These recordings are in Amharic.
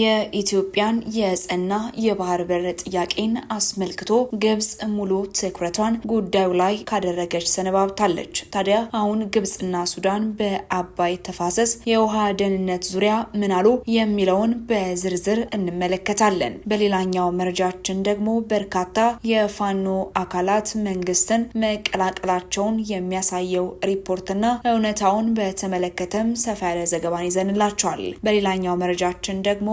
የኢትዮጵያን የጸና የባህር በር ጥያቄን አስመልክቶ ግብጽ ሙሉ ትኩረቷን ጉዳዩ ላይ ካደረገች ሰነባብታለች። ታዲያ አሁን ግብጽና ሱዳን በአባይ ተፋሰስ የውሃ ደህንነት ዙሪያ ምን አሉ የሚለውን በዝርዝር እንመለከታለን። በሌላኛው መረጃችን ደግሞ በርካታ የፋኖ አካላት መንግስትን መቀላቀላቸውን የሚያሳየው ሪፖርትና እውነታውን በተመለከተም ሰፋ ያለ ዘገባን ይዘንላቸዋል። በሌላኛው መረጃችን ደግሞ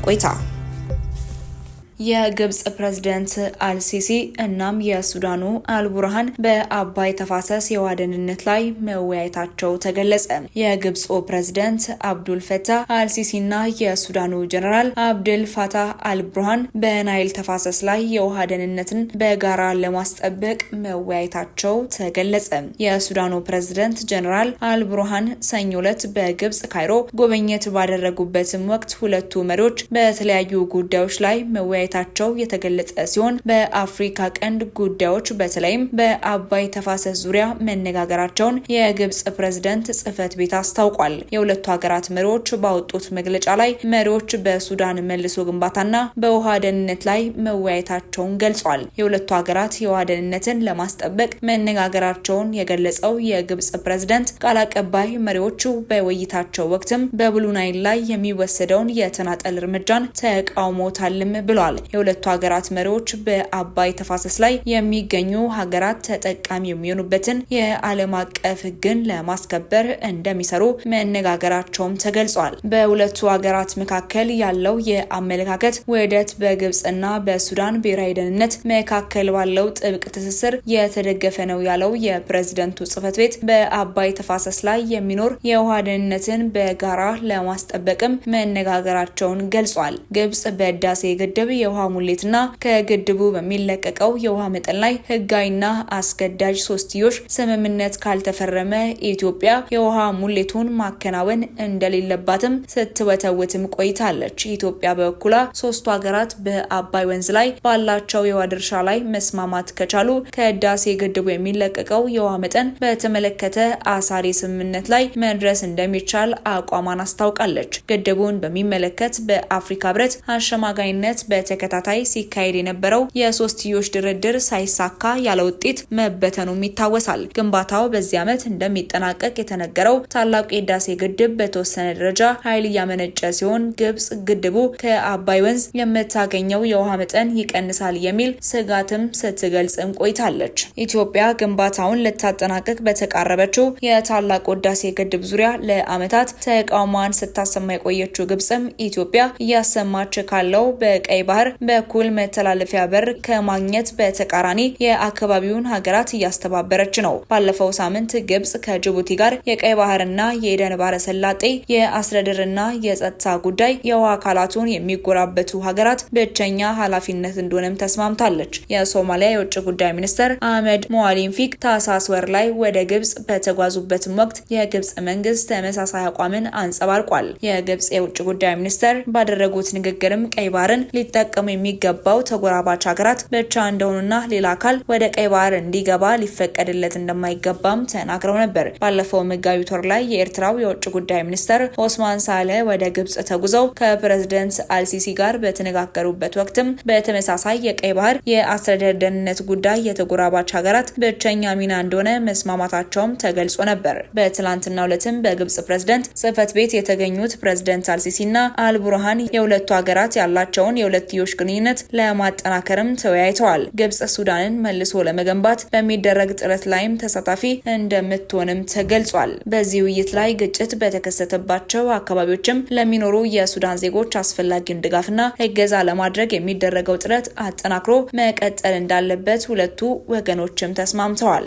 观察。የግብጽ ፕሬዝደንት አልሲሲ እናም የሱዳኑ አልቡርሃን በአባይ ተፋሰስ የውሃ ደህንነት ላይ መወያየታቸው ተገለጸ። የግብፁ ፕሬዝደንት አብዱል ፈታህ አልሲሲና የሱዳኑ ጀነራል አብድል ፋታህ አልቡርሃን በናይል ተፋሰስ ላይ የውሃ ደህንነትን በጋራ ለማስጠበቅ መወያየታቸው ተገለጸ። የሱዳኑ ፕሬዝደንት ጀነራል አልቡርሃን ሰኞ ዕለት በግብጽ ካይሮ ጉብኝት ባደረጉበትም ወቅት ሁለቱ መሪዎች በተለያዩ ጉዳዮች ላይ መወያየት መወያየታቸው የተገለጸ ሲሆን በአፍሪካ ቀንድ ጉዳዮች በተለይም በአባይ ተፋሰስ ዙሪያ መነጋገራቸውን የግብጽ ፕሬዝደንት ጽህፈት ቤት አስታውቋል። የሁለቱ ሀገራት መሪዎች ባወጡት መግለጫ ላይ መሪዎች በሱዳን መልሶ ግንባታና በውሃ ደህንነት ላይ መወያየታቸውን ገልጿል። የሁለቱ ሀገራት የውሃ ደህንነትን ለማስጠበቅ መነጋገራቸውን የገለጸው የግብጽ ፕሬዝደንት ቃል አቀባይ መሪዎቹ በውይይታቸው ወቅትም በብሉናይል ላይ የሚወሰደውን የተናጠል እርምጃን ተቃውሞታልም ብሏል። ተገልጿል። የሁለቱ ሀገራት መሪዎች በአባይ ተፋሰስ ላይ የሚገኙ ሀገራት ተጠቃሚ የሚሆኑበትን የዓለም አቀፍ ሕግን ለማስከበር እንደሚሰሩ መነጋገራቸውም ተገልጿል። በሁለቱ ሀገራት መካከል ያለው የአመለካከት ውህደት በግብፅና በሱዳን ብሔራዊ ደህንነት መካከል ባለው ጥብቅ ትስስር የተደገፈ ነው ያለው የፕሬዝደንቱ ጽህፈት ቤት በአባይ ተፋሰስ ላይ የሚኖር የውሃ ደህንነትን በጋራ ለማስጠበቅም መነጋገራቸውን ገልጿል። ግብጽ በህዳሴ ግድብ የውሃ ሙሌትና ከግድቡ በሚለቀቀው የውሃ መጠን ላይ ህጋዊና አስገዳጅ ሶስትዮሽ ስምምነት ካልተፈረመ ኢትዮጵያ የውሃ ሙሌቱን ማከናወን እንደሌለባትም ስትወተውትም ቆይታለች። ኢትዮጵያ በበኩሏ ሶስቱ ሀገራት በአባይ ወንዝ ላይ ባላቸው የውሃ ድርሻ ላይ መስማማት ከቻሉ ከህዳሴ ግድቡ የሚለቀቀው የውሃ መጠን በተመለከተ አሳሪ ስምምነት ላይ መድረስ እንደሚቻል አቋሟን አስታውቃለች። ግድቡን በሚመለከት በአፍሪካ ህብረት አሸማጋይነት በተ በተከታታይ ሲካሄድ የነበረው የሶስትዮሽ ድርድር ሳይሳካ ያለ ውጤት መበተኑም ይታወሳል። ግንባታው በዚህ ዓመት እንደሚጠናቀቅ የተነገረው ታላቁ የህዳሴ ግድብ በተወሰነ ደረጃ ኃይል እያመነጨ ሲሆን ግብጽ ግድቡ ከአባይ ወንዝ የምታገኘው የውሃ መጠን ይቀንሳል የሚል ስጋትም ስትገልጽም ቆይታለች። ኢትዮጵያ ግንባታውን ልታጠናቅቅ በተቃረበችው የታላቁ ህዳሴ ግድብ ዙሪያ ለዓመታት ተቃውሟን ስታሰማ የቆየችው ግብጽም ኢትዮጵያ እያሰማች ካለው በቀይ ባህር መስመር በኩል መተላለፊያ በር ከማግኘት በተቃራኒ የአካባቢውን ሀገራት እያስተባበረች ነው። ባለፈው ሳምንት ግብጽ ከጅቡቲ ጋር የቀይ ባህርና የኤደን ባህረ ሰላጤ የአስተዳደርና የጸጥታ ጉዳይ የውሃ አካላቱን የሚጎራበቱ ሀገራት ብቸኛ ኃላፊነት እንደሆነም ተስማምታለች። የሶማሊያ የውጭ ጉዳይ ሚኒስትር አህመድ ሞአሊም ፊክ ታህሳስ ወር ላይ ወደ ግብጽ በተጓዙበትም ወቅት የግብጽ መንግስት ተመሳሳይ አቋምን አንጸባርቋል። የግብጽ የውጭ ጉዳይ ሚኒስትር ባደረጉት ንግግርም ቀይ ባህርን ሊጠቀ ሊጠቀሙ የሚገባው ተጎራባች ሀገራት ብቻ እንደሆኑና ሌላ አካል ወደ ቀይ ባህር እንዲገባ ሊፈቀድለት እንደማይገባም ተናግረው ነበር። ባለፈው መጋቢት ወር ላይ የኤርትራው የውጭ ጉዳይ ሚኒስተር ኦስማን ሳለ ወደ ግብጽ ተጉዘው ከፕሬዝደንት አልሲሲ ጋር በተነጋገሩበት ወቅትም በተመሳሳይ የቀይ ባህር የአስተዳደር ደህንነት ጉዳይ የተጎራባች ሀገራት ብቸኛ ሚና እንደሆነ መስማማታቸውም ተገልጾ ነበር። በትላንትናው ዕለትም በግብጽ ፕሬዝደንት ጽህፈት ቤት የተገኙት ፕሬዝደንት አልሲሲና አልቡርሃን የሁለቱ ሀገራት ያላቸውን የሁለትዮ የሁለትዮሽ ግንኙነት ለማጠናከርም ተወያይተዋል። ግብጽ ሱዳንን መልሶ ለመገንባት በሚደረግ ጥረት ላይም ተሳታፊ እንደምትሆንም ተገልጿል። በዚህ ውይይት ላይ ግጭት በተከሰተባቸው አካባቢዎችም ለሚኖሩ የሱዳን ዜጎች አስፈላጊውን ድጋፍና እገዛ ለማድረግ የሚደረገው ጥረት አጠናክሮ መቀጠል እንዳለበት ሁለቱ ወገኖችም ተስማምተዋል።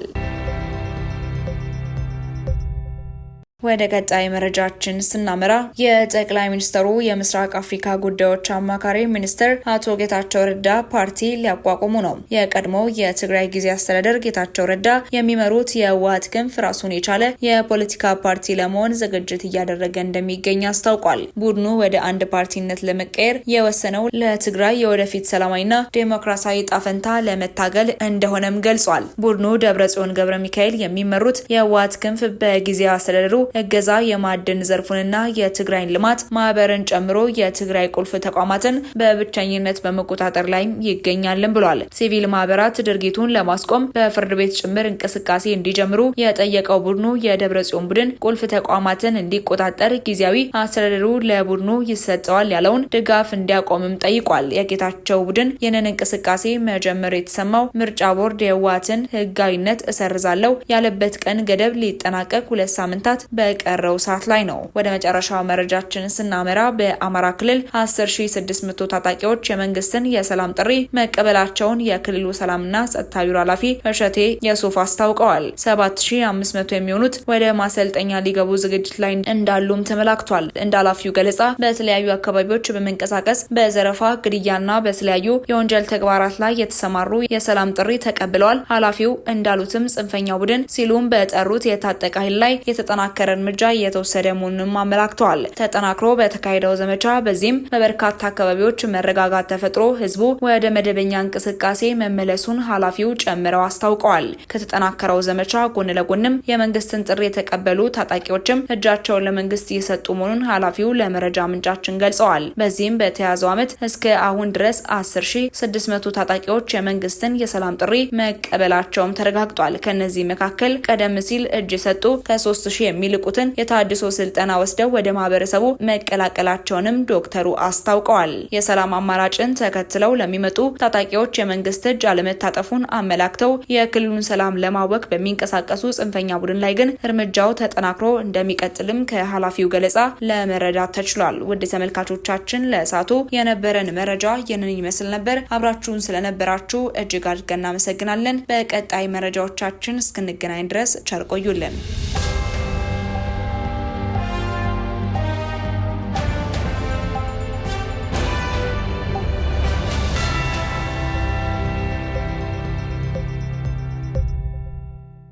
ወደ ቀጣይ መረጃችን ስናመራ የጠቅላይ ሚኒስትሩ የምስራቅ አፍሪካ ጉዳዮች አማካሪ ሚኒስትር አቶ ጌታቸው ረዳ ፓርቲ ሊያቋቁሙ ነው። የቀድሞው የትግራይ ጊዜ አስተዳደር ጌታቸው ረዳ የሚመሩት የህወሓት ክንፍ ራሱን የቻለ የፖለቲካ ፓርቲ ለመሆን ዝግጅት እያደረገ እንደሚገኝ አስታውቋል። ቡድኑ ወደ አንድ ፓርቲነት ለመቀየር የወሰነው ለትግራይ የወደፊት ሰላማዊና ዴሞክራሲያዊ ጣፈንታ ለመታገል እንደሆነም ገልጿል። ቡድኑ ደብረ ጽዮን ገብረ ሚካኤል የሚመሩት የህወሓት ክንፍ በጊዜ አስተዳደሩ እገዛ የማዕድን ዘርፉንና የትግራይን ልማት ማህበርን ጨምሮ የትግራይ ቁልፍ ተቋማትን በብቸኝነት በመቆጣጠር ላይ ይገኛልን ብሏል። ሲቪል ማህበራት ድርጊቱን ለማስቆም በፍርድ ቤት ጭምር እንቅስቃሴ እንዲጀምሩ የጠየቀው ቡድኑ የደብረ ጽዮን ቡድን ቁልፍ ተቋማትን እንዲቆጣጠር ጊዜያዊ አስተዳደሩ ለቡድኑ ይሰጠዋል ያለውን ድጋፍ እንዲያቆምም ጠይቋል። የጌታቸው ቡድን ይህንን እንቅስቃሴ መጀመሩ የተሰማው ምርጫ ቦርድ የህወሓትን ህጋዊነት እሰርዛለሁ ያለበት ቀን ገደብ ሊጠናቀቅ ሁለት ሳምንታት በ በቀረው ሰዓት ላይ ነው። ወደ መጨረሻው መረጃችን ስናመራ በአማራ ክልል 10600 ታጣቂዎች የመንግስትን የሰላም ጥሪ መቀበላቸውን የክልሉ ሰላምና ጸጥታ ቢሮ ኃላፊ እሸቴ የሱፍ አስታውቀዋል። 7500 የሚሆኑት ወደ ማሰልጠኛ ሊገቡ ዝግጅት ላይ እንዳሉም ተመላክቷል። እንደ ኃላፊው ገለጻ በተለያዩ አካባቢዎች በመንቀሳቀስ በዘረፋ ግድያና በተለያዩ የወንጀል ተግባራት ላይ የተሰማሩ የሰላም ጥሪ ተቀብለዋል። ኃላፊው እንዳሉትም ጽንፈኛ ቡድን ሲሉም በጠሩት የታጠቀ ኃይል ላይ የተጠናከረ እርምጃ እየተወሰደ መሆኑንም አመላክተዋል። ተጠናክሮ በተካሄደው ዘመቻ በዚህም በበርካታ አካባቢዎች መረጋጋት ተፈጥሮ ህዝቡ ወደ መደበኛ እንቅስቃሴ መመለሱን ኃላፊው ጨምረው አስታውቀዋል። ከተጠናከረው ዘመቻ ጎን ለጎንም የመንግስትን ጥሪ የተቀበሉ ታጣቂዎችም እጃቸውን ለመንግስት እየሰጡ መሆኑን ኃላፊው ለመረጃ ምንጫችን ገልጸዋል። በዚህም በተያዘው ዓመት እስከ አሁን ድረስ 10600 ታጣቂዎች የመንግስትን የሰላም ጥሪ መቀበላቸውም ተረጋግጧል። ከነዚህ መካከል ቀደም ሲል እጅ የሰጡ ከ3000 የሚል የሚልቁትን የታድሶ ስልጠና ወስደው ወደ ማህበረሰቡ መቀላቀላቸውንም ዶክተሩ አስታውቀዋል። የሰላም አማራጭን ተከትለው ለሚመጡ ታጣቂዎች የመንግስት እጅ አለመታጠፉን አመላክተው የክልሉን ሰላም ለማወክ በሚንቀሳቀሱ ጽንፈኛ ቡድን ላይ ግን እርምጃው ተጠናክሮ እንደሚቀጥልም ከኃላፊው ገለጻ ለመረዳት ተችሏል። ውድ ተመልካቾቻችን ለእሳቱ የነበረን መረጃ ይህንን ይመስል ነበር። አብራችሁን ስለነበራችሁ እጅግ አድርገን እናመሰግናለን። በቀጣይ መረጃዎቻችን እስክንገናኝ ድረስ ቸር ቆዩልን።